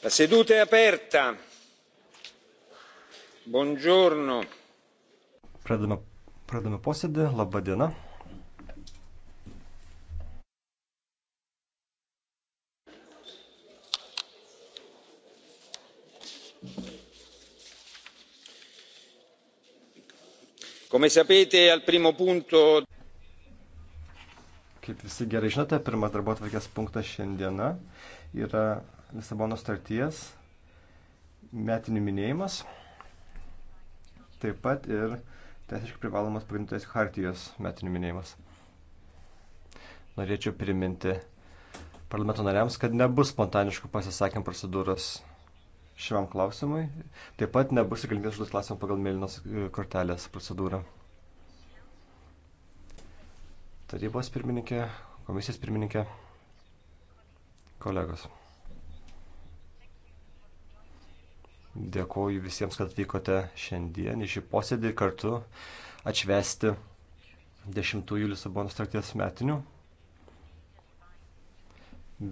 la seduta è aperta buongiorno pradedame pradedame posėdį laba diena come sapete al primo punto kaip visi gerai žinote pirmas darbotvarkės punktas šiandiena yra Lisabono starties metinių minėjimas, taip pat ir teisiškai privalomas pagrindinės hartijos metinių minėjimas. Norėčiau priminti parlamento nariams, kad nebus spontaniškų pasisakymų procedūros šiam klausimui, taip pat nebus galimybės užduoti klausimą pagal mėlynos e, kortelės procedūrą. Tarybos pirmininkė, komisijos pirmininkė, kolegos. Dėkoju visiems, kad atvykote šiandien į šį posėdį kartu atšvesti 10-ųjų Lisabonos trakties metinių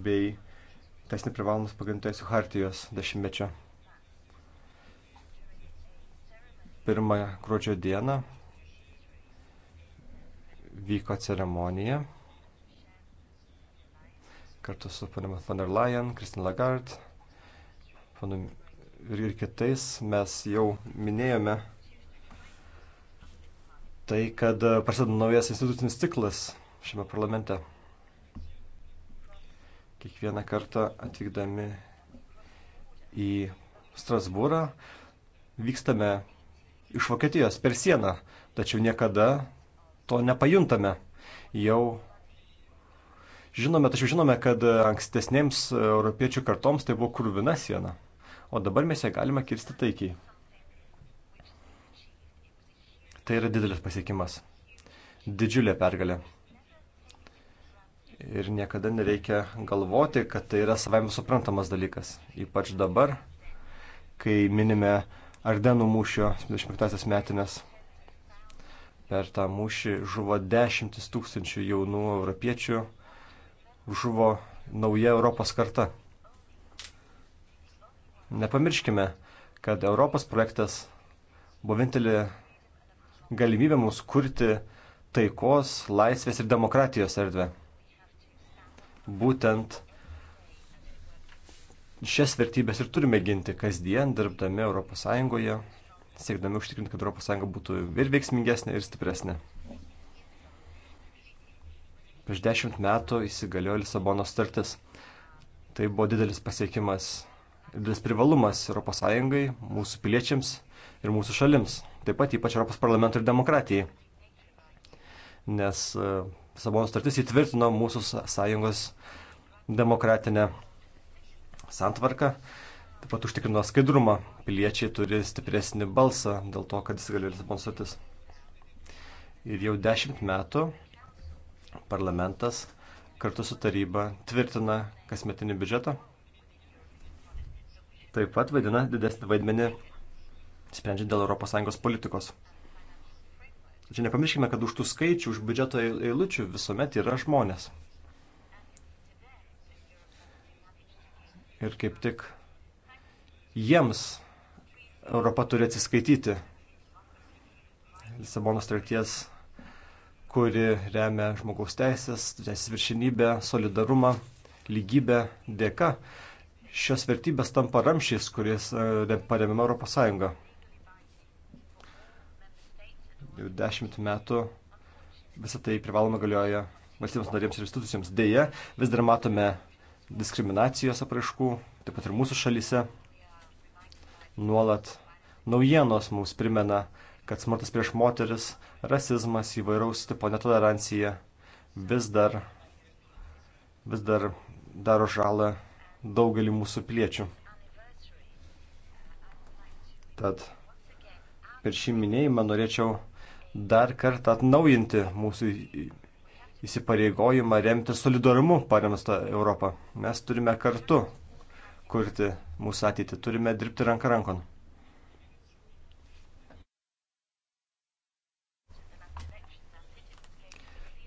bei teisinį privalomus pagrindų teisų hartijos dešimtmečio. Pirmą gruodžio dieną vyko ceremonija kartu su panama von der Leyen, Kristin Lagarde, panu ir kitais mes jau minėjome tai, kad prasideda naujas institucinis ciklas šiame parlamente. Kiekvieną kartą atvykdami į Strasbūrą vykstame iš Vokietijos per sieną, tačiau niekada to nepajuntame. Jau žinome, tačiau žinome, kad ankstesnėms europiečių kartoms tai buvo kurvina siena o dabar mes ją galime kirsti taikiai. Tai yra didelis pasiekimas, didžiulė pergalė. Ir niekada nereikia galvoti, kad tai yra savai suprantamas dalykas, ypač dabar, kai minime Ardenų mūšio 25-asias metinės. Per tą mūšį žuvo dešimtis tūkstančių jaunų europiečių, žuvo nauja Europos karta. Nepamirškime, kad Europos projektas buvo vienintelė galimybė mums kurti taikos, laisvės ir demokratijos erdvę. Būtent šias vertybės ir turime ginti kasdien, dirbdami ES, siekdami užtikrinti, kad ES būtų ir veiksmingesnė, ir stipresnė. Prieš dešimt metų įsigaliojo Lisabono startis. Tai buvo didelis pasiekimas didelis privalumas ES, mūsų piliečiams ir mūsų šalims, taip pat ypač Europos parlamentui ir demokratijai. Nes e, Sabonos startis įtvirtino mūsų sąjungos demokratinę santvarką, taip pat užtikrino skaidrumą. Piliečiai turi stipresnį balsą dėl to, kad jis gali Lisabonos startis. Ir jau dešimt metų parlamentas kartu su taryba tvirtina kasmetinį biudžetą taip pat vaidina didesnį vaidmenį sprendžiant dėl ES politikos. Tačiau nepamirškime, kad už tų skaičių, už biudžeto eilučių visuomet yra žmonės. Ir kaip tik jiems Europa turi atsiskaityti. Lisabonos trakties, kuri remia žmogaus teisės, teisės viršinybę, solidarumą, lygybę dėka šios vertybės tampa ramšys, kuris e, paremima Europos Sąjunga. Jau dešimt metų visą tai privaloma galioja valstybėms narėms ir institucijoms. Deja, vis dar matome diskriminacijos apraiškų, taip pat ir mūsų šalyse. Nuolat naujienos mums primena, kad smurtas prieš moteris, rasizmas, įvairaus tipo netolerancija vis dar, vis dar daro žalą daugelį mūsų piliečių. Tad per šį minėjimą norėčiau dar kartą atnaujinti mūsų įsipareigojimą remti solidarumu paremstą Europą. Mes turime kartu kurti mūsų ateitį, turime dirbti ranką rankon.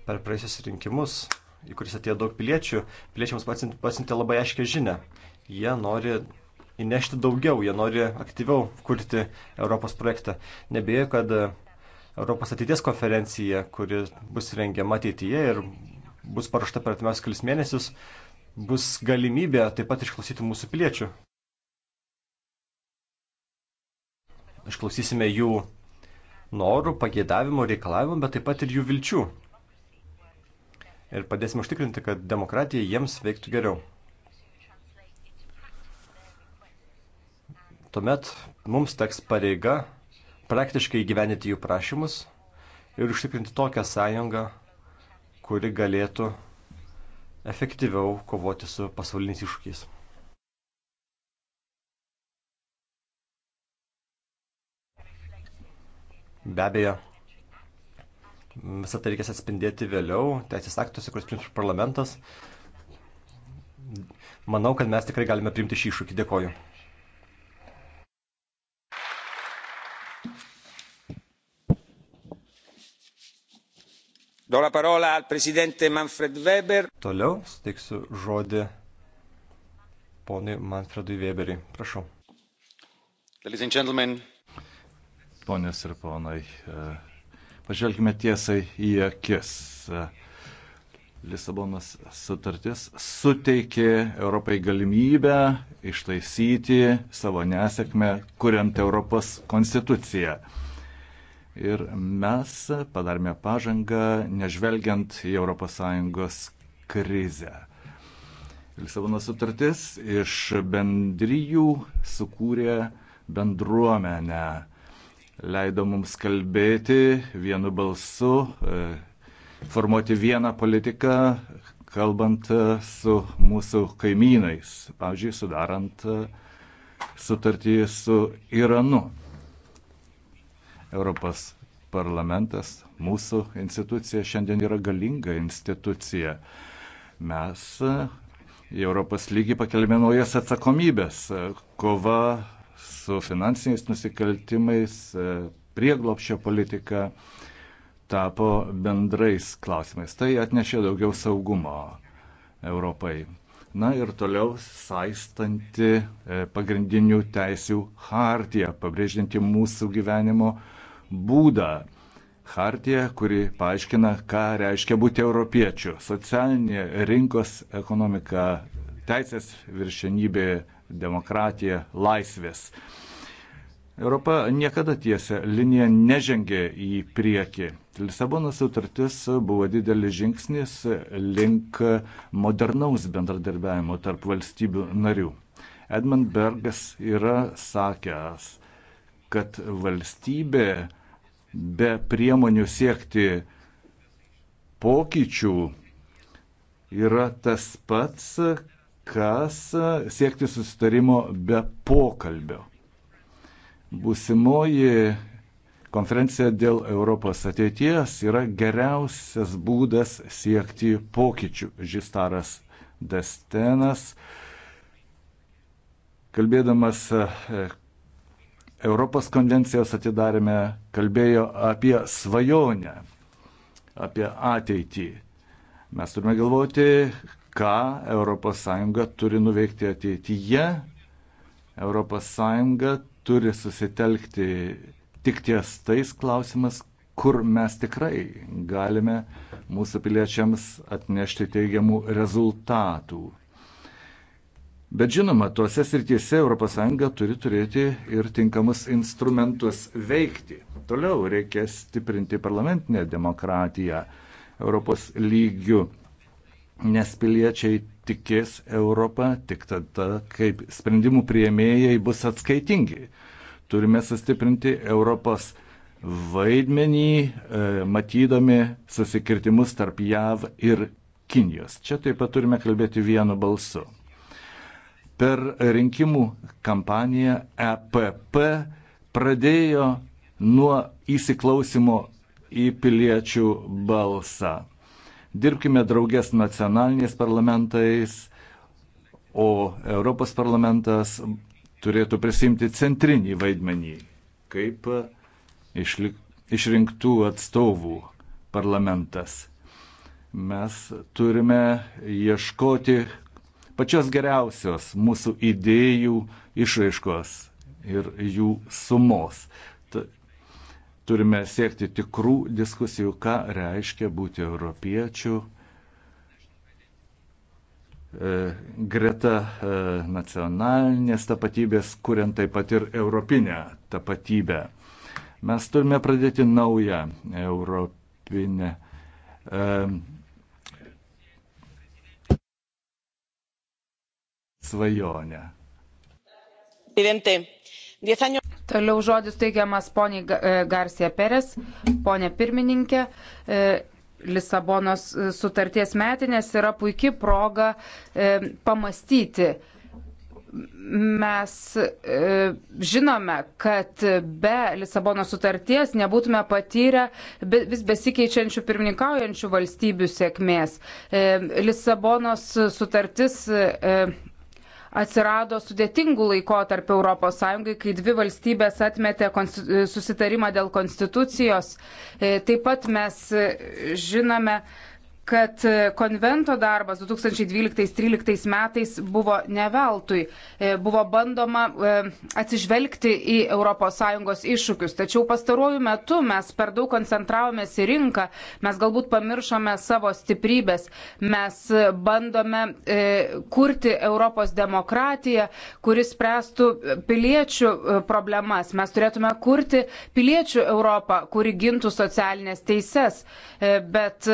Per praeisius rinkimus į kuris atėjo daug piliečių, piliečiams pasintė labai aiškę žinę. Jie nori įnešti daugiau, jie nori aktyviau kurti Europos projektą. Nebėjau, kad Europos ateities konferencija, kuri bus rengiama ateityje ir bus paruošta per atmiausius kelis mėnesius, bus galimybė taip pat išklausyti mūsų piliečių. Išklausysime jų norų, pagėdavimų, reikalavimų, bet taip pat ir jų vilčių ir padėsime užtikrinti, kad demokratija jiems veiktų geriau. Tuomet mums teks pareiga praktiškai gyveninti jų prašymus ir užtikrinti tokią sąjungą, kuri galėtų efektyviau kovoti su pasauliniais iššūkiais. Be abejo, Visą tai reikės atspindėti vėliau, teisės aktuose, kuris priims parlamentas. Manau, kad mes tikrai galime priimti šį iššūkį. Dėkoju. Toliau steiksiu žodį ponui Manfredui Weberiui. Prašau. Ponios ir ponai, Pažvelkime tiesai į akis. Lisabonas sutartis suteikė Europai galimybę ištaisyti savo nesėkmę, kuriant Europos konstituciją. Ir mes padarėme pažangą, nežvelgiant į ES krizę. Lisabonos sutartis iš bendryjų sukūrė bendruomenę leido mums kalbėti vienu balsu, e, formuoti vieną politiką, kalbant e, su mūsų kaimynais, pavyzdžiui, sudarant e, sutartį su Iranu. Europos parlamentas, mūsų institucija šiandien yra galinga institucija. Mes į Europos lygį pakelime naujas atsakomybės. Kova su finansiniais nusikaltimais, e, prieglopščio politika tapo bendrais klausimais. Tai atnešė daugiau saugumo Europai. Na ir toliau saistanti e, pagrindinių teisių hartija, pabrėžinti mūsų gyvenimo būdą. Hartija, kuri paaiškina, ką reiškia būti europiečiu. Socialinė rinkos ekonomika, teisės viršenybė, demokratija, laisvės. Europa niekada tiesia linija nežengė į priekį. Lisabono sutartis buvo didelis žingsnis link modernaus bendradarbiavimo tarp valstybių narių. Edmund Bergas yra sakęs, kad valstybė be priemonių siekti pokyčių yra tas pats, kas e, siekti susitarimo be pokalbio. Būsimoji konferencija dėl Europos ateities yra geriausias būdas siekti pokyčių. Žistaras Destenas, kalbėdamas e, Europos konvencijos atidarime, kalbėjo apie svajonę, apie ateitį. Mes turime galvoti, ką ES turi nuveikti ateityje. ES turi susitelkti tik ties tais klausimas, kur mes tikrai galime mūsų piliečiams atnešti teigiamų rezultatų. Bet žinoma, tuose srityse ES turi turėti ir tinkamus instrumentus veikti. Toliau reikės stiprinti parlamentinę demokratiją Europos lygių nes piliečiai tikės Europą tik tada, kaip sprendimų prieimėjai bus atskaitingi. Turime sustiprinti Europos vaidmenį, e, matydami susikirtimus tarp JAV ir Kinijos. Čia taip pat turime kalbėti vienu balsu. Per rinkimų kampaniją EPP pradėjo nuo įsiklausimo į piliečių balsą. Dirbkime draugės nacionaliniais parlamentais, o Europos parlamentas turėtų prisimti centrinį vaidmenį kaip išlik, išrinktų atstovų parlamentas. Mes turime ieškoti pačios geriausios mūsų idėjų išraiškos ir jų sumos. Turime siekti tikrų diskusijų, ką reiškia būti europiečiu e, greta e, nacionalinės tapatybės, kuriant taip pat ir europinę tapatybę. Mes turime pradėti naują europinę. E, svajonę. Presidente, 10 años. Toliau žodis teigiamas poniai e, Garcia Perez, ponė pirmininkė. E, Lisabonos e, sutarties metinės yra puikia proga pamastyti. Mes žinome, kad be Lisabono sutarties nebūtume patyrę vis besikeičiančių pirmininkaujančių valstybių sėkmės. Lisabonos sutartis atsirado sudėtingų laikotarpių ES, kai dvi valstybės atmetė susitarimą dėl konstitucijos. E, taip pat mes e, žinome, kad e, konvento darbas 2012-2013 metais buvo neveltui. E, buvo bandoma e, atsižvelgti į ES iššūkius. Tačiau pastaruoju metu mes per daug koncentravomės į rinką, mes galbūt pamiršome savo stiprybės, mes bandome kurti Europos demokratiją, kuris spręstų piliečių problemas. Mes turėtume kurti piliečių Europą, kuri gintų socialinės teises. Bet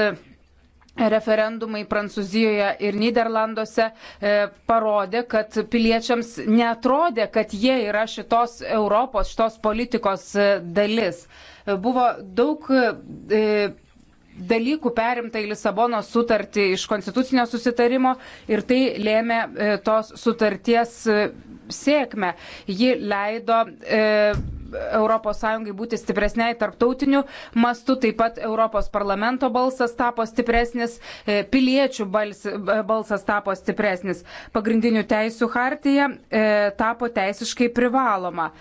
referendumai Prancūzijoje ir Niderlanduose e, parodė, kad piliečiams netrodė, kad jie yra šitos Europos, šitos politikos e, dalis. E, buvo daug e, dalykų perimta į Lisabono sutartį iš konstitucinio susitarimo ir tai lėmė e, tos sutarties e, sėkmę. Ji leido. E, ES būti stipresniai tarptautiniu mastu, taip pat Europos parlamento balsas tapo stipresnis, e, piliečių e, balsas tapo stipresnis, pagrindinių teisų hartija e, tapo teisiškai privaloma.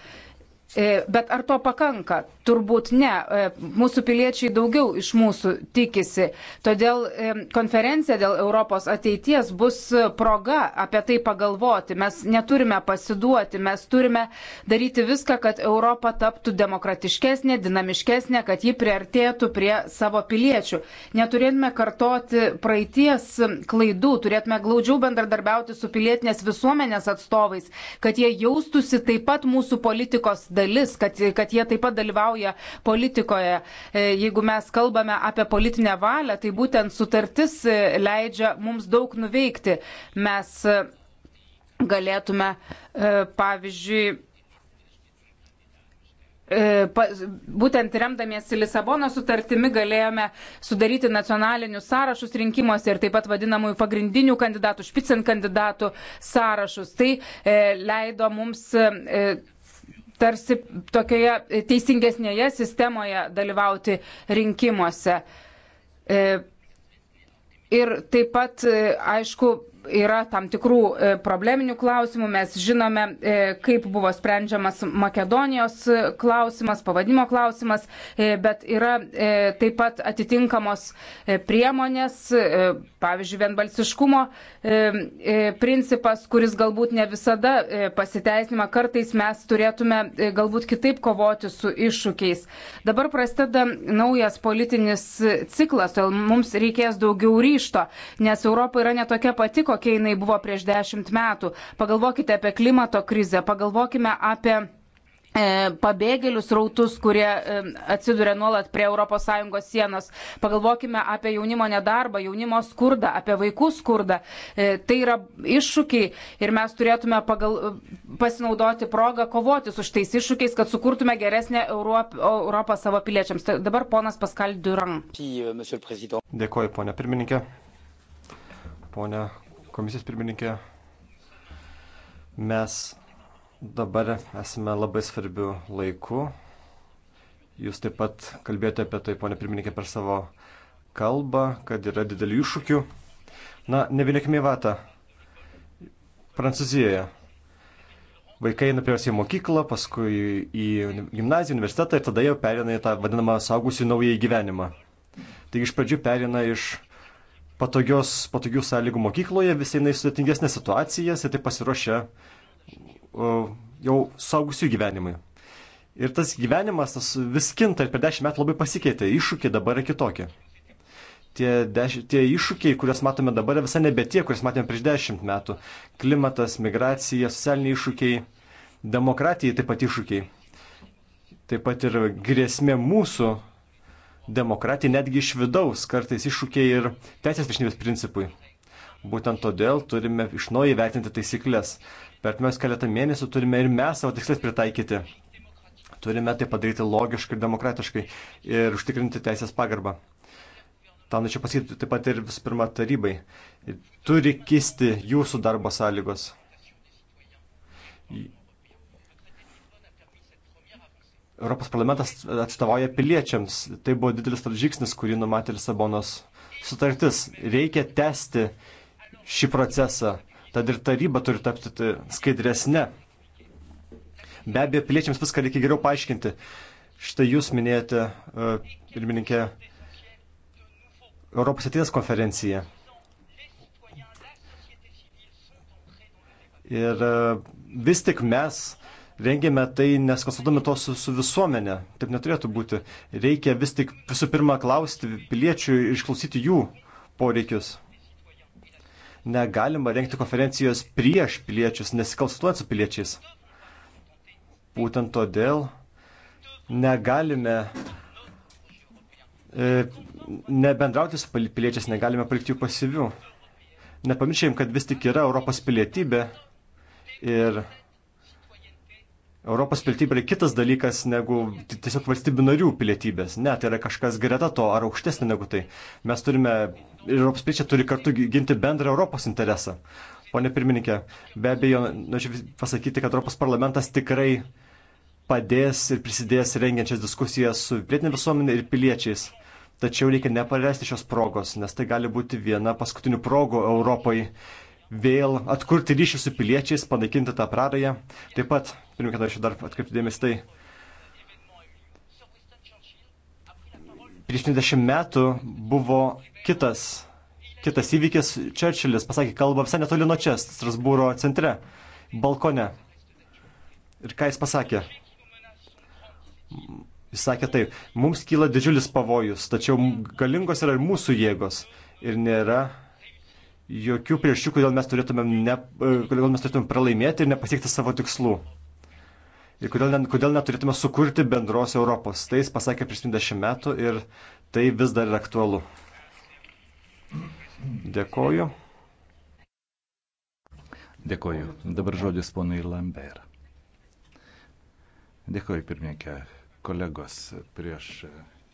Bet ar to pakanka? Turbūt ne. E, mūsų piliečiai daugiau iš mūsų tikisi. Todėl e, konferencija dėl Europos ateities bus proga apie tai pagalvoti. Mes neturime pasiduoti, mes turime daryti viską, kad Europa taptų demokratiškesnė, dinamiškesnė, kad ji priartėtų prie savo piliečių. Neturėtume kartoti praeities klaidų, turėtume glaudžiau bendradarbiauti su pilietinės visuomenės atstovais, kad jie jaustųsi taip pat mūsų politikos dalis, kad, kad jie taip pat dalyvauja dalyvauja politikoje. E, jeigu mes kalbame apie politinę valią, tai būtent sutartis e, leidžia mums daug nuveikti. Mes e, galėtume, pavyzdžiui, būtent remdamiesi Lisabono sutartimi galėjome sudaryti nacionalinius sąrašus rinkimuose ir taip pat vadinamųjų pagrindinių kandidatų, špicin kandidatų sąrašus. Tai leido mums tarsi tokioje teisingesnėje sistemoje dalyvauti rinkimuose. E, ir taip pat, e, aišku, yra tam tikrų e, probleminių klausimų. Mes žinome, e, kaip buvo sprendžiamas Makedonijos e, klausimas, pavadimo klausimas, bet yra taip pat atitinkamos priemonės, pavyzdžiui, vienbalsiškumo principas, kuris galbūt ne visada pasiteisnima. Kartais mes turėtume galbūt kitaip kovoti su iššūkiais. Dabar prasideda naujas politinis ciklas, todėl mums reikės daugiau ryšto, nes Europa yra netokia pati, kokia kokia jinai buvo prieš dešimt metų. Pagalvokite apie klimato krizę, pagalvokime apie e, pabėgėlius rautus, kurie e, atsiduria nuolat prie ES sienos. Pagalvokime apie jaunimo nedarbą, jaunimo skurdą, apie vaikų skurdą. E, tai yra iššūkiai ir mes turėtume pagal, pasinaudoti progą kovoti su šitais iššūkiais, kad sukurtume geresnę Europą, Europą savo piliečiams. Tai dabar ponas Paskal Duran. Dėkuoju, ponė pirmininkė. Pone komisijos pirmininkė, mes dabar esame labai svarbių laikų. Jūs taip pat kalbėjote apie tai, ponė pirmininkė, per savo kalbą, kad yra didelių iššūkių. Na, nevilėkime į vatą. Prancūzijoje vaikai eina pirmiausiai į mokyklą, paskui į gimnaziją, universitetą ir tada jau perina į tą vadinamą saugusių naują gyvenimą. Taigi iš pradžių perina iš patogios, patogių sąlygų mokykloje, visi jinai sudėtingesnė situacijas ir tai pasiruošia jau saugusių gyvenimui. Ir tas gyvenimas tas vis kinta ir per dešimt metų labai pasikeitė, iššūkiai dabar yra kitokie. Tie, deš, tie iššūkiai, kuriuos matome dabar, visai nebe tie, kuriuos matėme prieš dešimt metų. Klimatas, migracija, socialiniai iššūkiai, demokratijai taip pat iššūkiai. Taip pat ir grėsmė mūsų demokratijai netgi iš vidaus kartais iššūkiai ir teisės viršinybės principui. Būtent todėl turime iš naujo įvertinti taisyklės. Per pirmiausius keletą mėnesių turime ir mes savo tikslės pritaikyti. Turime tai padaryti logiškai ir demokratiškai ir užtikrinti teisės pagarbą. Tą norėčiau pasakyti taip pat ir visų pirma tarybai. Turi kisti jūsų darbo sąlygos. Europos parlamentas atstovauja piliečiams. Tai buvo didelis žingsnis, kurį numatė Lisabonos sutartis. Reikia tęsti šį procesą. Tad ir taryba turi tapti skaidresnė. Be abejo, piliečiams viską reikia geriau paaiškinti. Štai jūs minėjote, e, pirmininkė, Europos ateities konferenciją. Ir e, vis tik mes rengėme tai neskonsultuodami to su, su visuomenė. Taip neturėtų būti. Reikia vis tik visų pirma klausti piliečių ir išklausyti jų poreikius. Negalima rengti konferencijos prieš piliečius, nesikonsultuojant su piliečiais. Būtent todėl negalime e, nebendrauti su piliečiais, negalime palikti jų pasyvių. Nepamiršėjim, kad vis tik yra Europos pilietybė ir Europos pilietybė yra kitas dalykas negu tiesiog valstybių narių pilietybės. Ne, tai yra kažkas greta to ar aukštesnė negu tai. Mes turime, Europos piliečiai turi kartu ginti bendrą Europos interesą. Pone pirmininkė, be abejo, noriu pasakyti, kad Europos parlamentas tikrai padės ir prisidės rengiančias diskusijas su pilietinė visuomenė ir piliečiais. Tačiau reikia nepaleisti šios progos, nes tai gali būti viena paskutinių progų Europai vėl atkurti ryšį su piliečiais, panaikinti tą prarąją. Taip pat, pirmininkai, norėčiau dar atkreipti dėmesį tai. Prieš 20 metų buvo kitas, kitas įvykis. Čerčilis pasakė kalbą visai netoli nuo čia, Strasbūro centre, balkone. Ir ką jis pasakė? Jis sakė taip, mums kyla didžiulis pavojus, tačiau galingos yra ir mūsų jėgos. Ir nėra jokių priešių, kodėl mes turėtumėm, ne, e, kodėl mes turėtumėm pralaimėti ir nepasiekti savo tikslų. Ir kodėl, ne, kodėl neturėtume sukurti bendros Europos. Tai jis pasakė prieš 20 metų ir tai vis dar yra aktualu. Dėkoju. Dėkoju. Dabar žodis ponai Lambert. Dėkoju, pirmininkė. Kolegos, prieš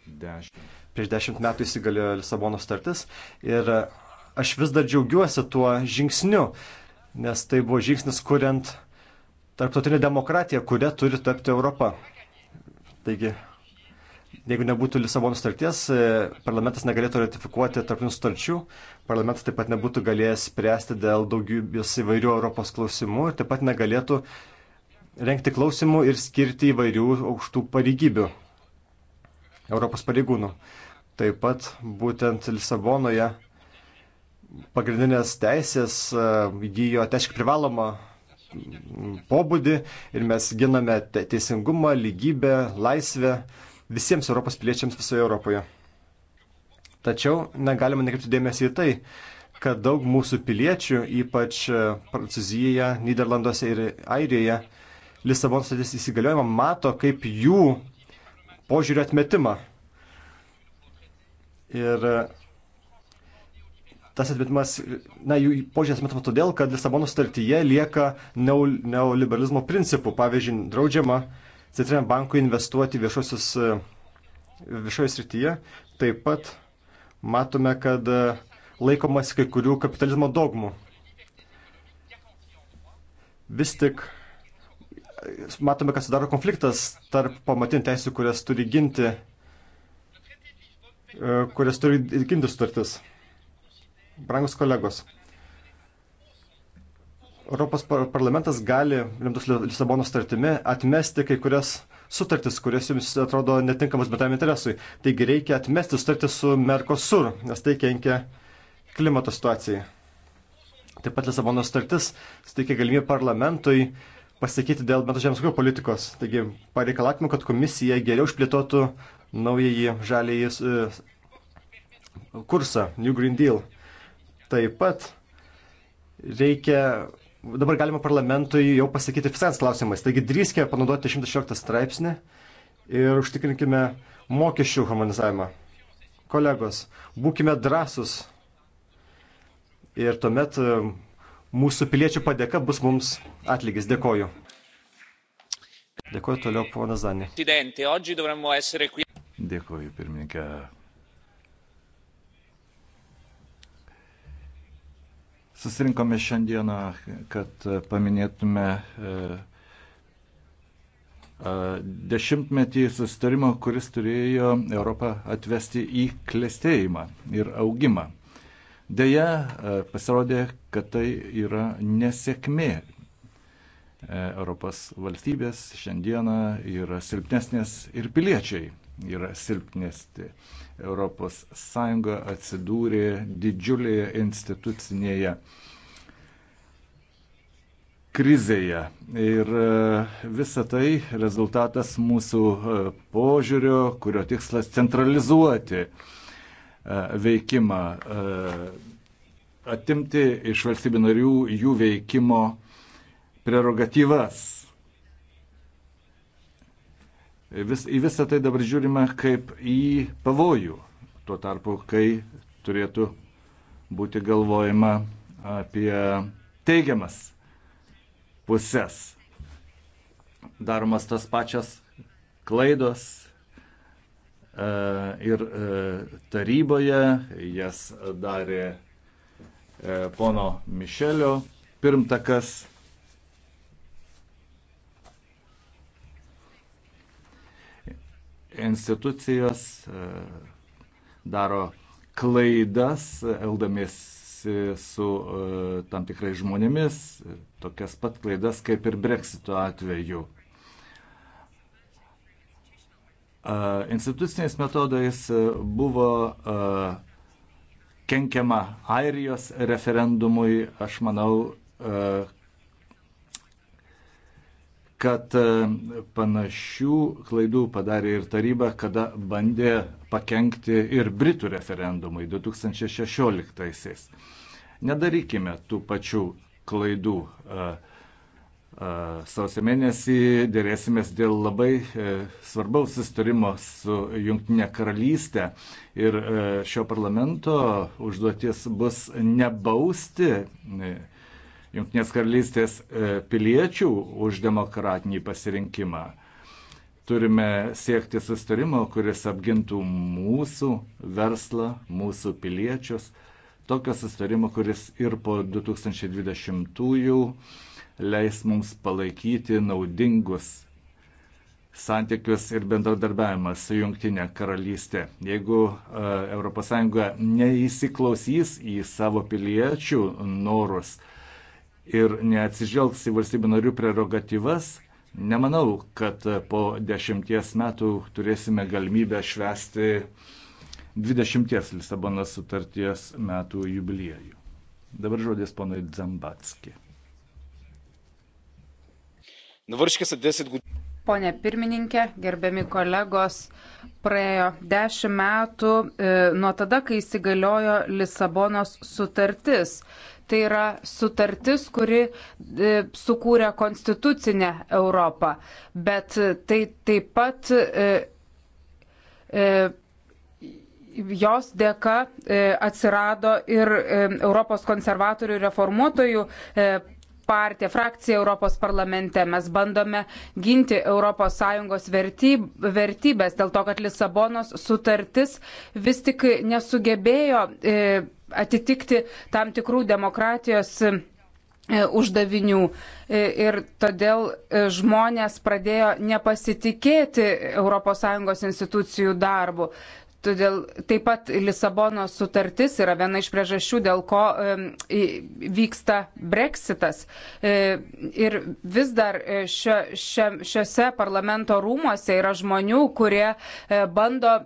dešimt. Prieš dešimt metų įsigalėjo Lisabono startis ir aš vis dar džiaugiuosi tuo žingsniu, nes tai buvo žingsnis, kuriant tarptautinę demokratiją, kuria turi tapti Europa. Taigi, jeigu nebūtų Lisabono starties, e, parlamentas negalėtų ratifikuoti tarptautinių starčių, parlamentas taip pat nebūtų galėjęs spręsti dėl daugybės įvairių Europos klausimų ir taip pat negalėtų renkti klausimų ir skirti įvairių aukštų pareigybių Europos pareigūnų. Taip pat būtent Lisabonoje pagrindinės teisės e, įgyjo tešk privalomą pobūdį ir mes giname teisingumą, lygybę, laisvę visiems Europos piliečiams visoje Europoje. Tačiau negalima nekreipti dėmesį į tai, kad daug mūsų piliečių, ypač e, Prancūzijoje, Niderlanduose ir Airijoje, Lisabono sutarties įsigaliojimą mato kaip jų požiūrio atmetimą. Ir tas atmetimas, na, jų požiūrės metamas todėl, kad Lisabono sutartyje lieka neoliberalizmo principų. Pavyzdžiui, draudžiama Centriniam bankui investuoti viešosios, viešoje srityje. Taip pat matome, kad laikomas kai kurių kapitalizmo dogmų. Vis tik matome, kad sudaro konfliktas tarp pamatinių teisų, kurias turi ginti kurias turi ginti sutartis. Brangus kolegos, Europos parlamentas gali, rimtus Lisabono startimi, atmesti kai kurias sutartis, kurias jums atrodo netinkamas betam interesui. Taigi reikia atmesti sutartį su Mercosur, nes tai kenkia klimato situacijai. Taip pat Lisabono sutartis suteikia galimybę parlamentui pasakyti dėl bendro žemės ūkio politikos. Taigi pareikalavimų, kad komisija geriau išplėtotų naująjį žalėjį e, kursą, New Green Deal. Taip pat reikia, dabar galima parlamentui jau pasakyti visais klausimais. Taigi drįskime panaudoti 116 straipsnį ir užtikrinkime mokesčių harmonizavimą. Kolegos, būkime drąsus ir tuomet um, mūsų piliečių padėka bus mums atlygis. Dėkoju. Dėkoju toliau, ponas Zanė. Dėkoju, pirmininkė. Susirinkome šiandieną, kad e, paminėtume e, e, dešimtmetį susitarimo, kuris turėjo Europą atvesti į klėstėjimą ir augimą. Deja, pasirodė, kad tai yra nesėkmė. Europos valstybės šiandieną yra silpnesnės ir piliečiai yra silpnesti. ES atsidūrė didžiulėje institucinėje krizėje. Ir e, visa tai rezultatas mūsų e, požiūrio, kurio tikslas centralizuoti e, veikimą, atimti iš valstybių narių jų veikimo prerogatyvas. Vis, į visą tai dabar žiūrime kaip į pavojų, tuo tarpu, kai turėtų būti galvojama apie teigiamas pusės. Daromas tas pačias klaidos e, ir e, taryboje, jas darė e, pono Mišelio pirmtakas institucijos e, daro klaidas, eldamiesi su e, tam tikrais žmonėmis, e, tokias pat klaidas kaip ir breksito atveju. Instituciniais metodais buvo kenkiama Airijos referendumui, aš manau, kad e, panašių klaidų padarė ir taryba, kada bandė pakengti ir Britų referendumui 2016-aisiais. Nedarykime tų pačių klaidų. E, e, sausio mėnesį dėrėsimės dėl labai svarbaus sustarimo su Junktinė karalystė ir šio parlamento užduotis bus nebausti Junktinės karalystės e, piliečių už demokratinį pasirinkimą. Turime siekti sustarimo, kuris apgintų mūsų verslą, mūsų piliečius. Tokio sustarimo, kuris ir po 2020-ųjų leis mums palaikyti naudingus santykius ir bendradarbiavimą su Junktinė karalystė. Jeigu ES neįsiklausys į savo piliečių norus, ir neatsižvelgs į valstybių narių prerogatyvas, nemanau, kad e, po dešimties metų turėsime galimybę švesti 20 Lisabonos sutarties metų jubiliejų. Dabar žodis ponui Dzambatski. Nu, Pone pirmininkė, gerbiami kolegos, praėjo dešimt metų e, nuo tada, kai įsigaliojo Lisabonos sutartis. E, Tai yra sutartis, kuri e, sukūrė konstitucinę Europą. Bet tai taip pat e, e, jos dėka atsirado ir Europos konservatorių reformuotojų partija, frakcija Europos parlamente. Mes bandome ginti ES vertybės dėl to, kad Lisabonos sutartis vis tik nesugebėjo atitikti tam tikrų demokratijos e, uždavinių. E, ir todėl e, žmonės pradėjo nepasitikėti ES institucijų darbu. Todėl taip pat Lisabono sutartis yra viena iš priežasčių, dėl ko vyksta breksitas. E, ir vis dar e, šio, šio, šiuose parlamento rūmose yra žmonių, kurie e, bando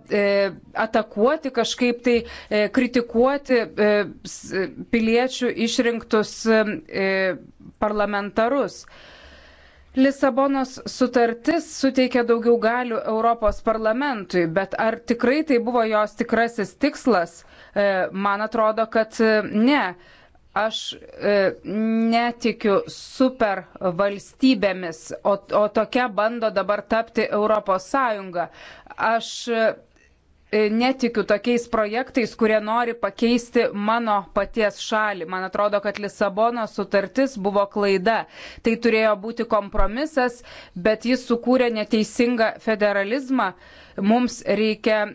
atakuoti kažkaip tai, kritikuoti piliečių išrinktus parlamentarus. Lisabonos sutartis suteikė daugiau galių Europos parlamentui, bet ar tikrai tai buvo jos tikrasis tikslas? E, man atrodo, kad e, ne. Aš e, netikiu super valstybėmis, o, o tokia bando dabar tapti Europos Sąjunga. Aš E, netikiu tokiais projektais, kurie nori pakeisti mano paties šalį. Man atrodo, kad Lisabono sutartis buvo klaida. Tai turėjo būti kompromisas, bet jis sukūrė neteisingą federalizmą. Mums reikia e,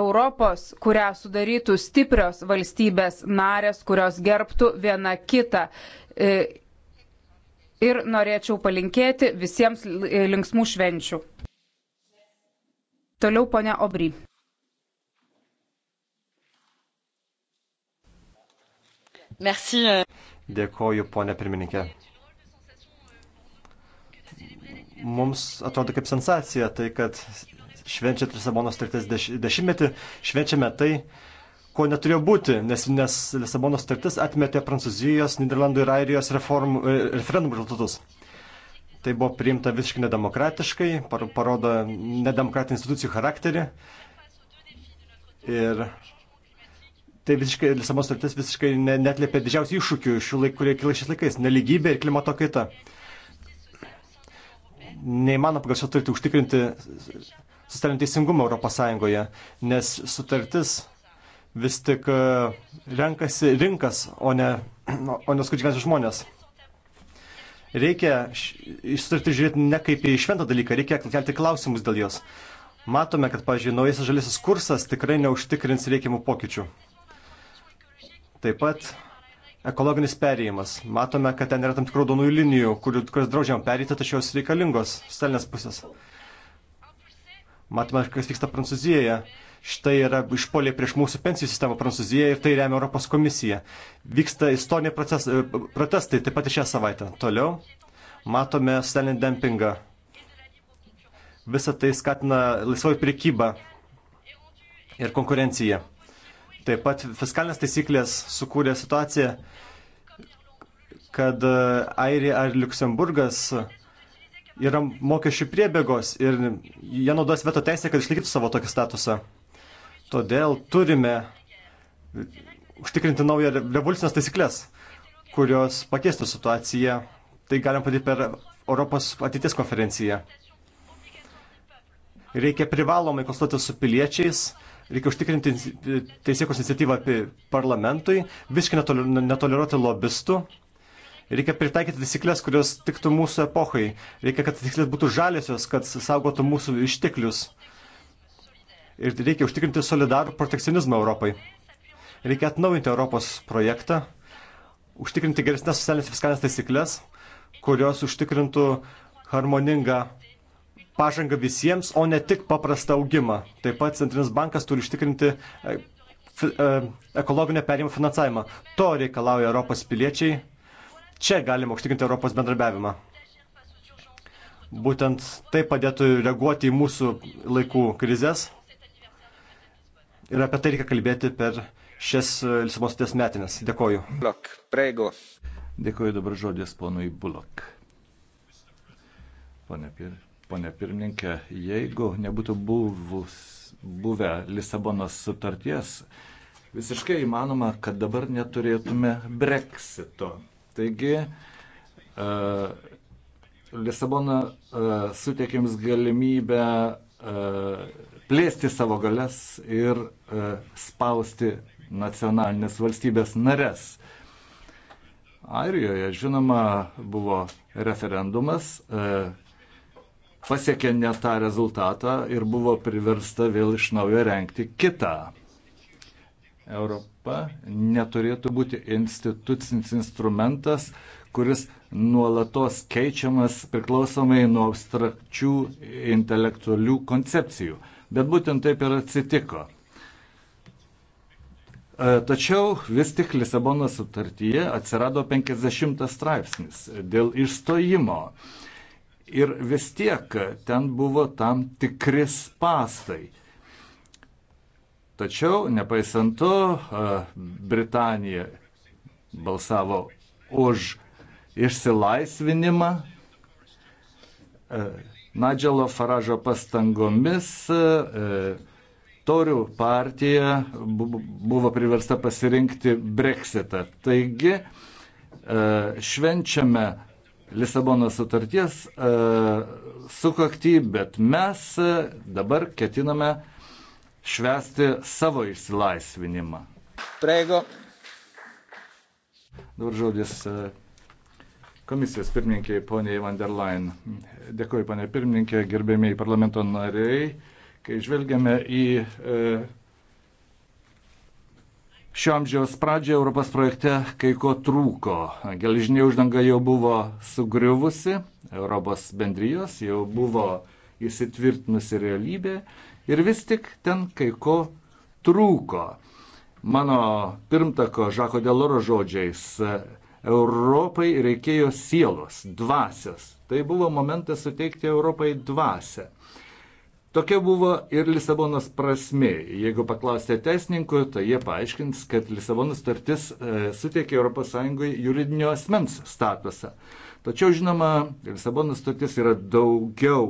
Europos, kurią sudarytų stiprios valstybės narės, kurios gerbtų viena kitą. E, ir norėčiau palinkėti visiems linksmų švenčių. Toliau ponia Obry. Merci. Euh. Dėkoju, ponė pirmininkė. Mums atrodo kaip sensacija tai, kad švenčiant Lisabonos starties dešimtmetį, švenčiame tai, ko neturėjo būti, nes, nes Lisabonos startis atmetė Prancūzijos, Niderlandų ir Airijos reformų, e, referendumų rezultatus. Tai buvo priimta visiškai nedemokratiškai, parodo nedemokratinį institucijų charakterį. Ir tai visiškai Lisabonos sutartis visiškai ne, netlėpė didžiausių iššūkių, laik, kurie kila šiais laikais - neligybė ir klimato kaita. Neįmanoma pagal šią sutartį užtikrinti socialinį teisingumą Europos Sąjungoje, nes sutartis vis tik e, renkasi rinkas, o ne, o ne skurdžiausias žmonės. Reikia iš sutartį žiūrėti ne kaip į šventą dalyką, reikia kelti klausimus dėl jos. Matome, kad, pažiūrėjau, naujasis žalisis kursas tikrai neužtikrins reikiamų pokyčių. Taip pat ekologinis perėjimas. Matome, kad ten yra tam tikrų donųjų linijų, kurias draudžiam perėti, tačiau jos reikalingos stalinės pusės. Matome, kas vyksta Prancūzijoje. Štai yra išpolė prieš mūsų pensijų sistemą Prancūzijoje ir tai remia Europos komisija. Vyksta istoriniai proces, e, protestai taip pat ir šią savaitę. Toliau matome stalinį dempingą. Visą tai skatina laisvoji priekyba ir konkurencija. Taip pat fiskalinės taisyklės sukūrė situaciją, kad e, Airija ar Luksemburgas yra mokesčių priebėgos ir jie naudos veto teisę, kad išlaikytų savo tokį statusą. Todėl turime užtikrinti naują revoliucinės taisyklės, kurios pakeistų situaciją. Tai galim padaryti per Europos ateities konferenciją. Reikia privalomai konsultuoti su piliečiais reikia užtikrinti teisėkos iniciatyvą parlamentui, visiškai netoleruoti lobistų, reikia pritaikyti taisyklės, kurios tiktų mūsų epochai, reikia, kad taisyklės būtų žalėsios, kad saugotų mūsų išteklius. Ir reikia užtikrinti solidarų protekcionizmą Europai. Reikia atnaujinti Europos projektą, užtikrinti geresnės socialinės fiskalinės taisyklės, kurios užtikrintų harmoningą pažangą visiems, o ne tik paprastą augimą. Taip pat Centrinis bankas turi ištikrinti e, e, ekologinę perėjimą finansavimą. To reikalauja Europos piliečiai. Čia galima užtikrinti Europos bendrabiavimą. Būtent tai padėtų reaguoti į mūsų laikų krizės. Ir apie tai reikia kalbėti per šias e, Lisabos ties metinės. Dėkoju. Blok, prego. Dėkoju dabar žodės ponui Bulok. Pane Pirė ponė pirmininkė, jeigu nebūtų buvus, buvę Lisabonos sutarties, visiškai įmanoma, kad dabar neturėtume breksito. Taigi, uh, e, Lisabona uh, e, suteikė jums galimybę uh, plėsti savo galias ir uh, spausti nacionalinės valstybės nares. Airijoje, žinoma, buvo referendumas, uh, pasiekė ne tą rezultatą ir buvo priversta vėl iš naujo renkti kitą. Europa neturėtų būti institucinis instrumentas, kuris nuolatos keičiamas priklausomai nuo abstrakčių intelektualių koncepcijų. Bet būtent taip ir atsitiko. E, tačiau vis tik Lisabono sutartyje atsirado 50 straipsnis dėl išstojimo ir vis tiek ten buvo tam tikri spastai. Tačiau, nepaisant to, Britanija balsavo už išsilaisvinimą. Nadželo Faražo pastangomis Torių partija buvo priversta pasirinkti breksitą. Taigi švenčiame Lisabono sutarties e, sukakti, bet mes e, dabar ketiname švesti savo išsilaisvinimą. Prego. Dabar žodis e, komisijos pirmininkiai, poniai van der Leyen. Dėkuoju, ponė pirmininkė, gerbėmiai parlamento nariai. Kai žvelgiame į e, šio amžiaus pradžioje Europos projekte kai ko trūko. Geležinė uždanga jau buvo sugriuvusi, Europos bendrijos jau buvo įsitvirtinusi realybė ir vis tik ten kai ko trūko. Mano pirmtako Žako Deloro žodžiais Europai reikėjo sielos, dvasios. Tai buvo momentas suteikti Europai dvasę. Tokia buvo ir Lisabonos prasme. Jeigu paklausite teisininkų, tai jie paaiškins, kad Lisabonos startis e, suteikia ES juridinio asmens statusą. Tačiau, žinoma, Lisabonos startis yra daugiau.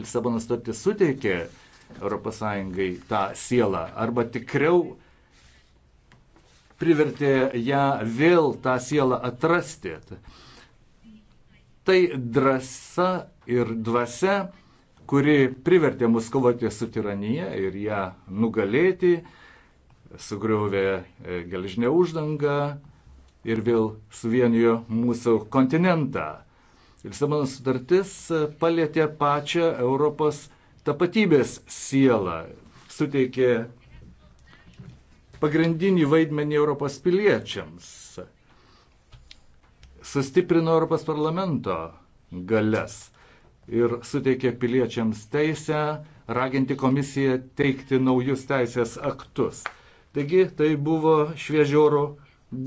Lisabonos startis suteikia ES tą sielą arba tikriau privertė ją vėl tą sielą atrasti. Tai drąsa ir dvasia kuri privertė mus kovoti su tiranija ir ją nugalėti, sugriovė e, geležinę uždangą ir vėl suvienijo mūsų kontinentą. Lisabono sutartis palėtė pačią Europos tapatybės sielą, suteikė pagrindinį vaidmenį Europos piliečiams, sustiprino Europos parlamento galės ir suteikė piliečiams teisę raginti komisiją teikti naujus teisės aktus. Taigi tai buvo šviežioro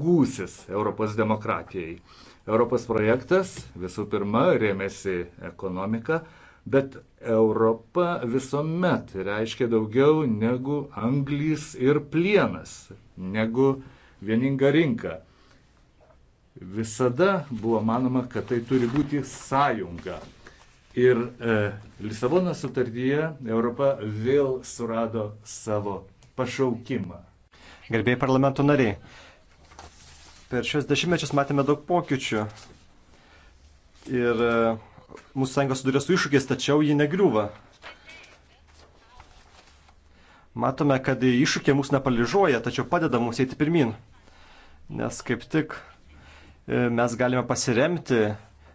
gūsis Europos demokratijai. Europos projektas visų pirma rėmėsi ekonomika, bet Europa visuomet reiškia daugiau negu anglys ir plienas, negu vieninga rinka. Visada buvo manoma, kad tai turi būti sąjunga. Ir e, Lisabono sutartyje Europa vėl surado savo pašaukimą. Gerbėjai parlamento nariai, per šios dešimtmečius matėme daug pokyčių. Ir e, mūsų sąjunga sudurė su iššūkiais, tačiau ji negriuva. Matome, kad iššūkiai mūsų nepaližuoja, tačiau padeda mums eiti pirmin. Nes kaip tik e, mes galime pasiremti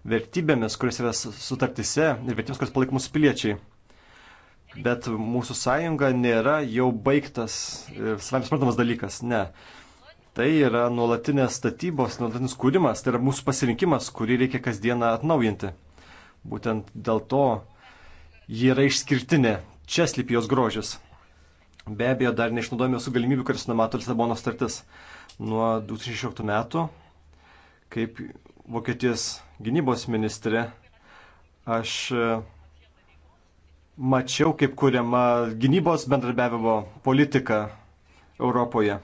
vertybėmis, kurias yra sutartise ir vertybėmis, kurias palaik mūsų piliečiai. Bet mūsų sąjunga nėra jau baigtas ir e, savai suprantamas dalykas, ne. Tai yra nuolatinės statybos, nuolatinis kūrimas, tai yra mūsų pasirinkimas, kurį reikia kasdieną atnaujinti. Būtent dėl to ji yra išskirtinė, čia slypi jos grožis. Be abejo, dar neišnaudojame su galimybių, kuris numato Lisabono startis. Nuo 2016 metų, kaip Vokietijos gynybos ministrė, aš e, mačiau, kaip kuriama gynybos bendradarbiavimo politika Europoje.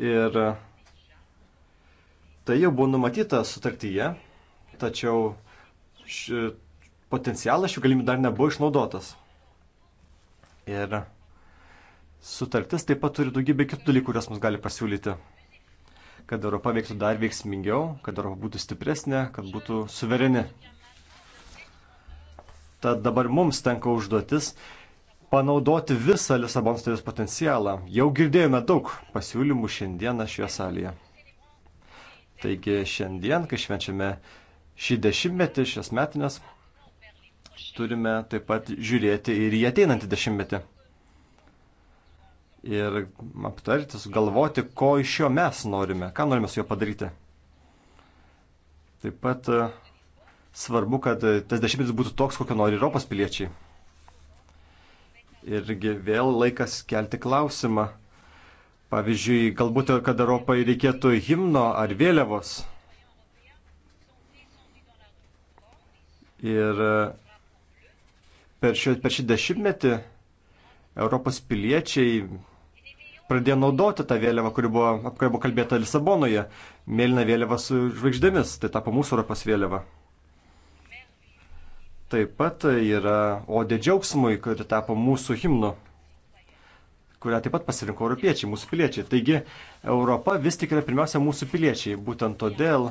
Ir tai jau buvo numatyta sutartyje, tačiau ši, potencialas šių galimybių dar nebuvo išnaudotas. Ir sutartis taip pat turi daugybę kitų dalykų, kurias mums gali pasiūlyti kad Europa veiktų dar veiksmingiau, kad Europa būtų stipresnė, kad būtų suvereni. Tad dabar mums tenka užduotis panaudoti visą Lisabonos sutarties potencialą. Jau girdėjome daug pasiūlymų šiandieną šioje salėje. Taigi šiandien, kai švenčiame šį dešimtmetį, šias metinės, turime taip pat žiūrėti ir į ateinantį dešimtmetį ir aptarti, sugalvoti, ko iš jo mes norime, ką norime su juo padaryti. Taip pat e, svarbu, kad tas dešimtmetis būtų toks, kokio nori Europos piliečiai. Irgi vėl laikas kelti klausimą. Pavyzdžiui, galbūt, kad Europai reikėtų himno ar vėliavos. Ir e, per šį, per šį dešimtmetį Europos piliečiai pradėjo naudoti tą vėliavą, kuri buvo, apie kurią buvo kalbėta Lisabonoje, mėlyną vėliavą su žvaigždėmis, tai tapo mūsų Europos vėliava. Taip pat yra Odė džiaugsmui, kuri tapo mūsų himnu, kurią taip pat pasirinko europiečiai, mūsų piliečiai. Taigi Europa vis tik yra pirmiausia mūsų piliečiai. Būtent todėl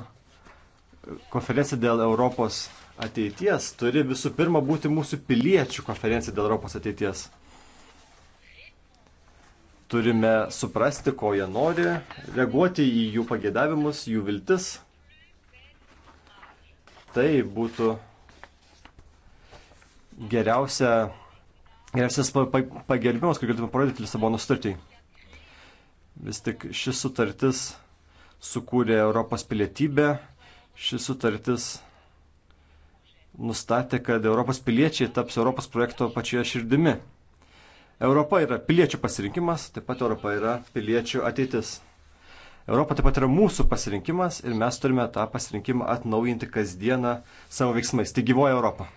konferencija dėl Europos ateities turi visų pirma būti mūsų piliečių konferencija dėl Europos ateities. Turime suprasti, ko jie nori, reaguoti į jų pagėdavimus, jų viltis. Tai būtų geriausia, geriausias pagerbimas, kurį galėtume parodyti Lisabono sutartį. Vis tik šis sutartis sukūrė Europos pilietybę, šis sutartis nustatė, kad Europos piliečiai taps Europos projekto pačioje širdimi. Europa yra piliečių pasirinkimas, taip pat Europa yra piliečių ateitis. Europa taip pat yra mūsų pasirinkimas ir mes turime tą pasirinkimą atnaujinti kasdieną savo veiksmais. Tai gyvoja Europa.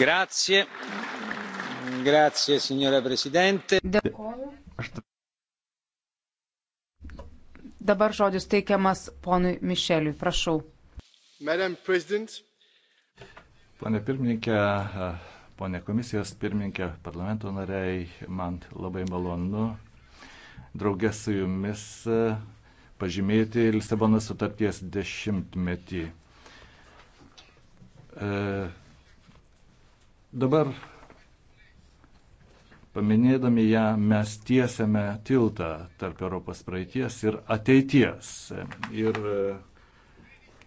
Grazie. Grazie, signora Presidente. Dėkuoju. Dabar žodis teikiamas ponui Mišeliui. Prašau. Madam President, Pane pirmininkė, Pone komisijos pirmininkė, parlamento nariai, man labai malonu draugės su jumis pažymėti Lisabonos sutarties dešimtmetį. E, dabar paminėdami ją mes tiesiame tiltą tarp Europos praeities ir ateities. Ir e,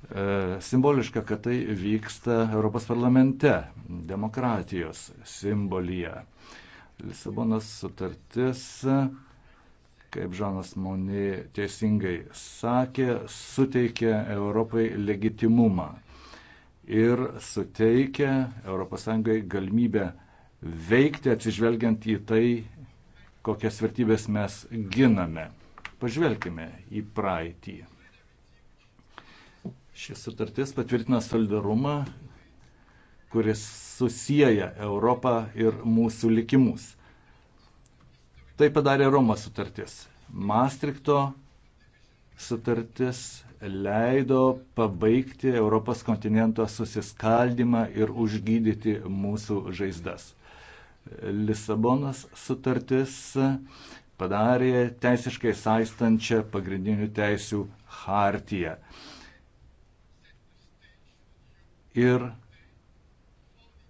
E, simboliška, kad tai vyksta Europos parlamente, demokratijos simbolyje. Lisabonos sutartis, kaip Žanas Moni teisingai sakė, suteikia Europai legitimumą ir suteikia ES galimybę veikti atsižvelgiant į tai, kokias vertybės mes giname. Pažvelkime į praeitį. Šis sutartis patvirtina solidarumą, kuris susiję Europą ir mūsų likimus. Tai padarė Romos sutartis. Maastrichto sutartis leido pabaigti Europos kontinento susiskaldimą ir užgydyti mūsų žaizdas. Lisabonos sutartis padarė teisiškai saistančią pagrindinių teisių hartiją ir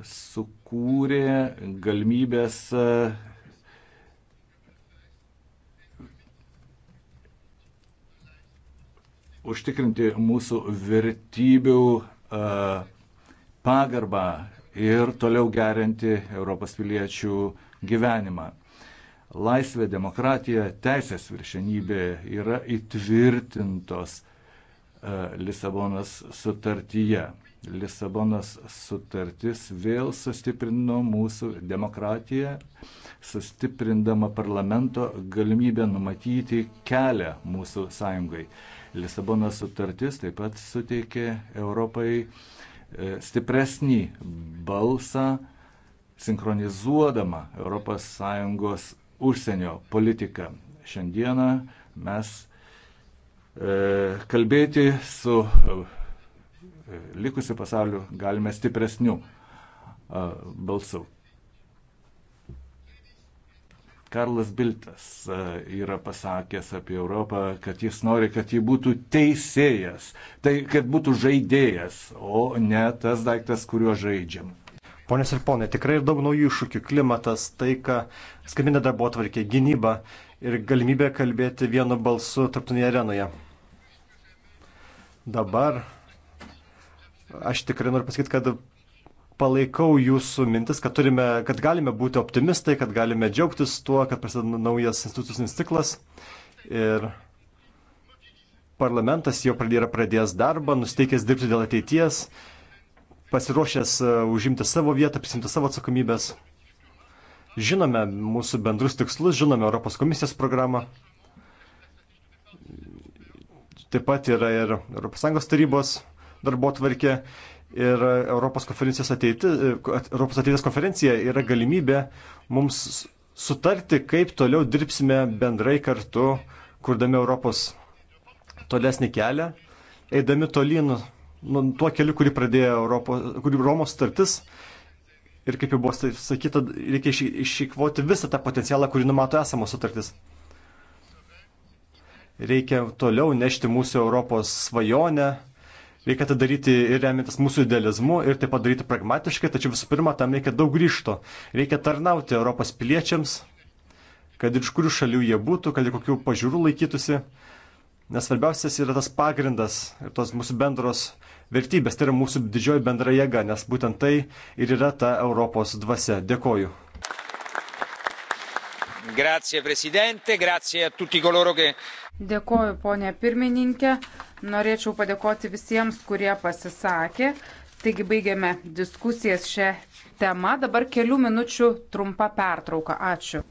sukūrė galimybės uh, užtikrinti mūsų vertybių uh, pagarbą ir toliau gerinti Europos piliečių gyvenimą. Laisvė, demokratija, teisės viršenybė yra įtvirtintos uh, Lisabonos sutartyje. Lisabonos sutartis vėl sustiprino mūsų demokratiją, sustiprindama parlamento galimybę numatyti kelią mūsų sąjungai. Lisabonos sutartis taip pat suteikė Europai e, stipresnį balsą, sinchronizuodama ES užsienio politiką. Šiandieną mes e, kalbėti su E, likusiu pasauliu galime stipresnių e, balsų. Karlas Biltas e, yra pasakęs apie Europą, kad jis nori, kad ji būtų teisėjas, tai kad būtų žaidėjas, o ne tas daiktas, kuriuo žaidžiam. Ponės ir ponai, tikrai daug naujų iššūkių - klimatas, taika, skaminė darbo atvarkė, gynyba ir galimybė kalbėti vienu balsu tarptautinėje arenoje. Dabar Aš tikrai noriu pasakyti, kad palaikau jūsų mintis, kad, turime, kad galime būti optimistai, kad galime džiaugtis tuo, kad prasideda naujas institucinis ciklas. Ir parlamentas jau yra pradėjęs darbą, nusteikęs dirbti dėl ateities, pasiruošęs e, užimti savo vietą, prisimti savo atsakomybės. Žinome mūsų bendrus tikslus, žinome Europos komisijos programą. Taip pat yra ir ES tarybos darbo tvarkė ir Europos, ateiti, Europos ateities konferencija yra galimybė mums sutarti, kaip toliau dirbsime bendrai kartu, kurdami Europos tolesnį kelią, eidami tolyn nu, tuo keliu, kurį pradėjo Europos, kurį Romos startis. Ir kaip jau buvo sakyta, reikia išikvoti visą tą potencialą, kurį numato esamos sutartis reikia toliau nešti mūsų Europos svajonę, Reikia tai daryti ir remintis mūsų idealizmu, ir tai padaryti pragmatiškai, tačiau visų pirma, tam reikia daug grįžto. Reikia tarnauti Europos piliečiams, kad ir iš kurių šalių jie būtų, kad ir kokių pažiūrų laikytųsi. Nes svarbiausias yra tas pagrindas ir tos mūsų bendros vertybės, tai yra mūsų didžioji bendra jėga, nes būtent tai ir yra ta Europos dvasia. Dėkoju. Grazie, Presidente, grazie a tutti coloro che. Dėkoju, ponė pirmininkė. Norėčiau padėkoti visiems, kurie pasisakė. Taigi baigiame diskusijas šią temą. Dabar kelių minučių trumpa pertrauka. Ačiū.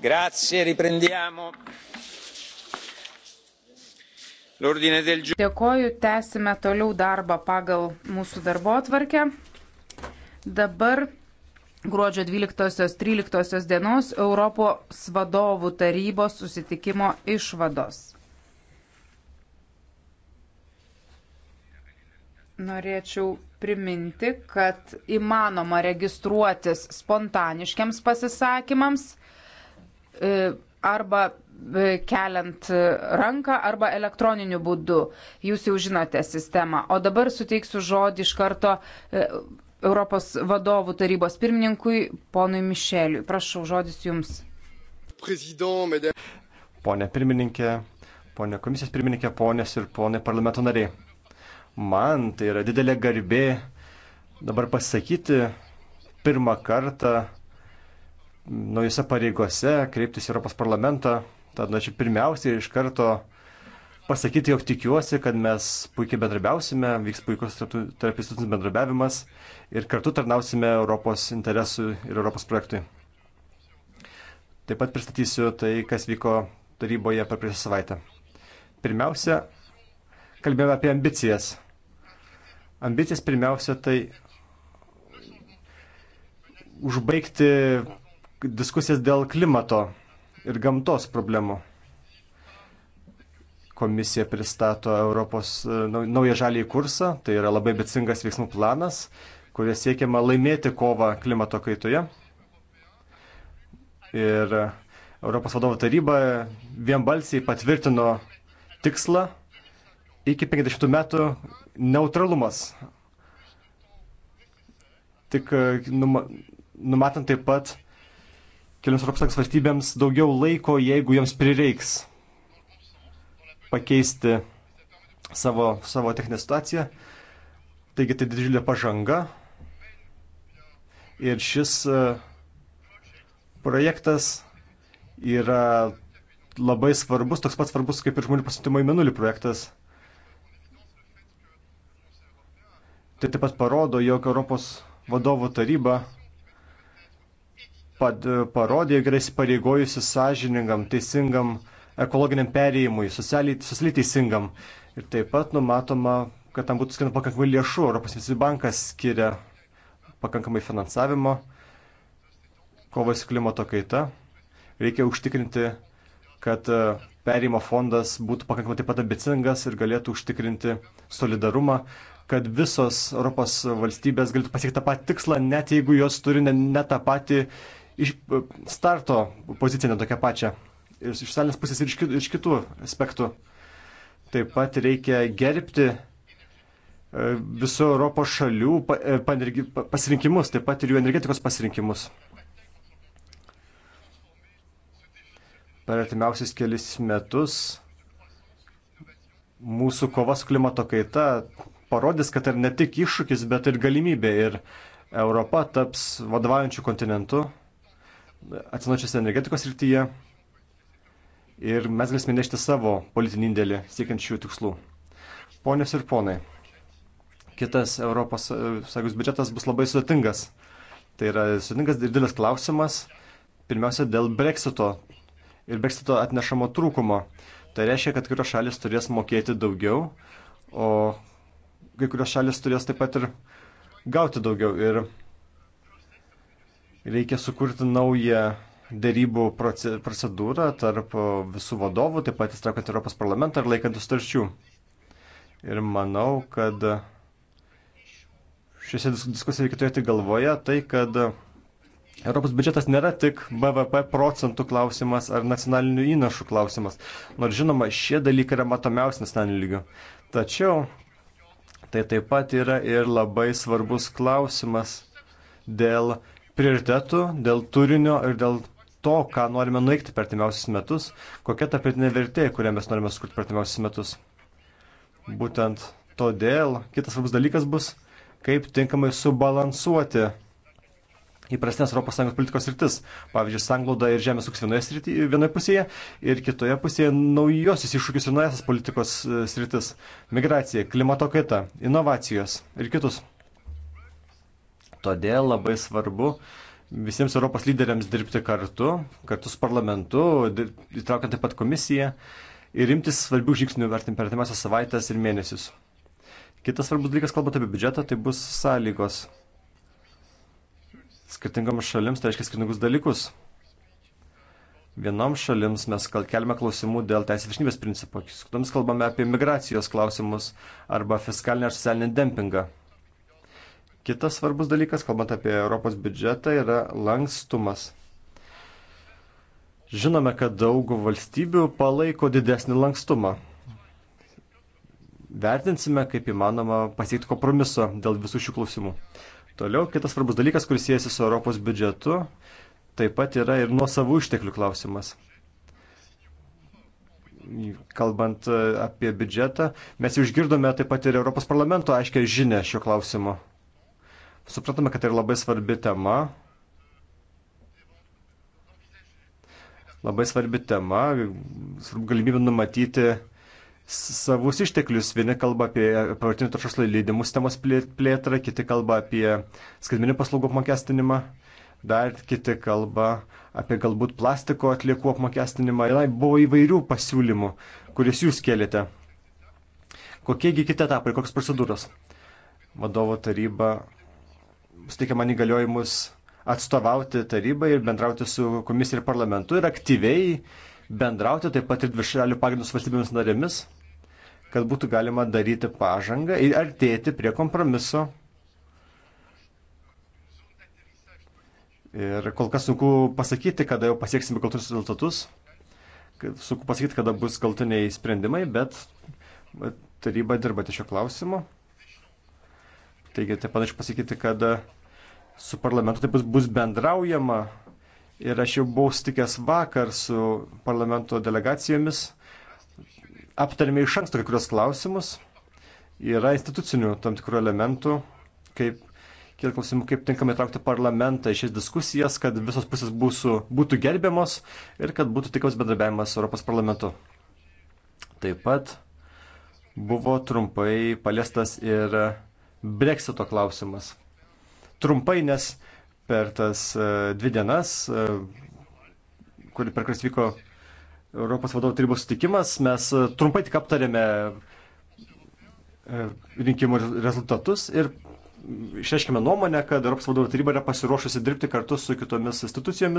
Grazie, riprendiamo. Dėkoju, tęsime toliau darbą pagal mūsų darbo atvarkę. Dabar gruodžio 12-13 dienos Europos vadovų tarybos susitikimo išvados. Norėčiau priminti, kad įmanoma registruotis spontaniškiams pasisakymams. E, arba e, keliant ranką arba elektroniniu būdu. Jūs jau žinote sistemą. O dabar suteiksiu žodį iš karto e, Europos vadovų tarybos pirmininkui, ponui Mišeliui. Prašau, žodis jums. Pone pirmininkė, pone komisijos pirmininkė, ponės ir ponai parlamento nariai. Man tai yra didelė garbė dabar pasakyti pirmą kartą naujose pareigose, kreiptis į Europos parlamentą. Tad norėčiau pirmiausiai iš karto pasakyti, jog tikiuosi, kad mes puikiai bendrabiausime, vyks puikus tarp institucinis bendrabiavimas ir kartu tarnausime Europos interesui ir Europos projektui. Taip pat pristatysiu tai, kas vyko taryboje per prieš savaitę. Pirmiausia, kalbėjome apie ambicijas. Ambicijas pirmiausia tai užbaigti diskusijas dėl klimato ir gamtos problemų. Komisija pristato Europos e, naują žalį kursą, tai yra labai becingas veiksmų planas, kuria siekiama laimėti kovą klimato kaitoje. Ir Europos vadovo taryba vienbalsiai patvirtino tikslą iki 50 metų neutralumas. Tik e, numatant taip pat keliams ES valstybėms daugiau laiko, jeigu joms prireiks pakeisti savo, savo techninę situaciją. Taigi tai didžiulė pažanga. Ir šis e, projektas yra labai svarbus, toks pat svarbus kaip ir žmonių pasitimo į menulį projektas. Tai taip pat parodo, jog Europos vadovų taryba parodė, jog yra įsipareigojusi sąžiningam, teisingam ekologiniam perėjimui, socialiai teisingam. Ir taip pat numatoma, kad tam būtų skirta pakankamai lėšų, Europos investicijų bankas skiria pakankamai finansavimo kovai su klimato kaita. Reikia užtikrinti, kad e, perėjimo fondas būtų pakankamai taip pat ambicingas ir galėtų užtikrinti solidarumą, kad visos Europos valstybės galėtų pasiekti tą patį tikslą, net jeigu jos turi ne, ne tą patį iš e, starto poziciją netokią pačią. Ir iš socialinės pusės ir iš kitų, iš kitų aspektų. Taip pat reikia gerbti e, visų Europos šalių e, pasirinkimus, taip pat ir jų energetikos pasirinkimus. Per artimiausius kelis metus mūsų kova su klimato kaita parodys, kad tai ne tik iššūkis, bet ir galimybė. Ir Europa taps vadovaujančių kontinentų atsinačios energetikos rytyje ir mes galėsime nešti savo politinį indėlį siekiant šių tikslų. Ponios ir ponai, kitas Europos e, Sąjungos biudžetas bus labai sudėtingas. Tai yra sudėtingas ir didelis klausimas, pirmiausia, dėl breksito ir breksito atnešamo trūkumo. Tai reiškia, kad kurios šalis turės mokėti daugiau, o kai kurios šalis turės taip pat ir gauti daugiau. Ir Reikia sukurti naują dėrybų procedūrą tarp visų vadovų, taip pat įstraukant Europos parlamentą ir laikant sutarčių. Ir manau, kad šiose diskusijose reikia turėti galvoje tai, kad Europos biudžetas nėra tik BVP procentų klausimas ar nacionalinių įnašų klausimas, nors žinoma, šie dalykai yra matomiausi nacionaliniu lygiu. Tačiau tai taip pat yra ir labai svarbus klausimas dėl prioritetų, dėl turinio ir dėl to, ką norime nuveikti per timiausius metus, kokia ta pridinė vertė, kurią mes norime sukurti per timiausius metus. Būtent todėl kitas svarbus dalykas bus, kaip tinkamai subalansuoti įprastinės ES politikos rytis. Pavyzdžiui, sanglauda ir žemės ūkis vienoje, srity, vienoje pusėje ir kitoje pusėje naujosius iššūkius ir naujasias politikos e, sritis - migracija, klimato kaita, inovacijos ir kitus. Todėl labai svarbu visiems Europos lyderiams dirbti kartu, kartu su parlamentu, įtraukiant taip pat komisiją ir imtis svarbių žingsnių vertinti per artimiausias savaitės ir mėnesius. Kitas svarbus dalykas, kalbant apie biudžetą, tai bus sąlygos. Skirtingoms šalims tai reiškia skirtingus dalykus. Vienoms šalims mes kelime klausimų dėl teisės viršnybės principo, kitoms kalbame apie migracijos klausimus arba fiskalinį ar socialinį dempingą. Kitas svarbus dalykas, kalbant apie Europos biudžetą, yra lankstumas. Žinome, kad daug valstybių palaiko didesnį lankstumą. Vertinsime, kaip įmanoma, pasiekti kompromiso dėl visų šių klausimų. Toliau kitas svarbus dalykas, kuris siejasi su Europos biudžetu, taip pat yra ir nuo savų išteklių klausimas. Kalbant e, apie biudžetą, mes jau išgirdome taip pat ir Europos parlamento aiškiai žinę šio klausimo. Supratome, kad tai yra labai svarbi tema. Labai svarbi tema, svarbu galimybė numatyti savus išteklius. Vieni kalba apie pavartinių taršos leidimų sistemos plėtrą, kiti kalba apie skaitminių paslaugų apmokestinimą, dar kiti kalba apie galbūt plastiko atliekų apmokestinimą. Na, buvo įvairių pasiūlymų, kuris jūs kėlėte. Kokiegi kiti etapai, kokios procedūros? Vadovo taryba suteikia man įgaliojimus atstovauti tarybai ir bendrauti su komisija ir parlamentu ir aktyviai bendrauti taip pat ir dvišalių pagrindų su valstybėmis narėmis, kad būtų galima daryti pažangą ir artėti prie kompromiso. Ir kol kas sunku pasakyti, kada jau pasieksime galtinius rezultatus, sunku pasakyti, kada bus galtiniai sprendimai, bet taryba dirba ties šio klausimu. Taigi taip pat aš pasakyti, kad su parlamentu taip bus bendraujama ir aš jau buvau stikęs vakar su parlamento delegacijomis, aptarėme iš anksto kai kurios klausimus, yra institucinių tam tikrų elementų, kaip kiek klausimų, kaip tinkamai traukti parlamentą į šias diskusijas, kad visos pusės būsų, būtų gerbiamos ir kad būtų tikras bendrabiavimas Europos parlamentu. Taip pat buvo trumpai paliestas ir Brexito klausimas. Trumpai, nes per tas e, dvi dienas, e, kuri per kuris vyko Europos vadovų tarybos sutikimas, mes e, trumpai tik aptarėme rinkimų rezultatus ir išreiškime nuomonę, kad Europos vadovų taryba yra pasiruošusi dirbti kartu su kitomis institucijomis,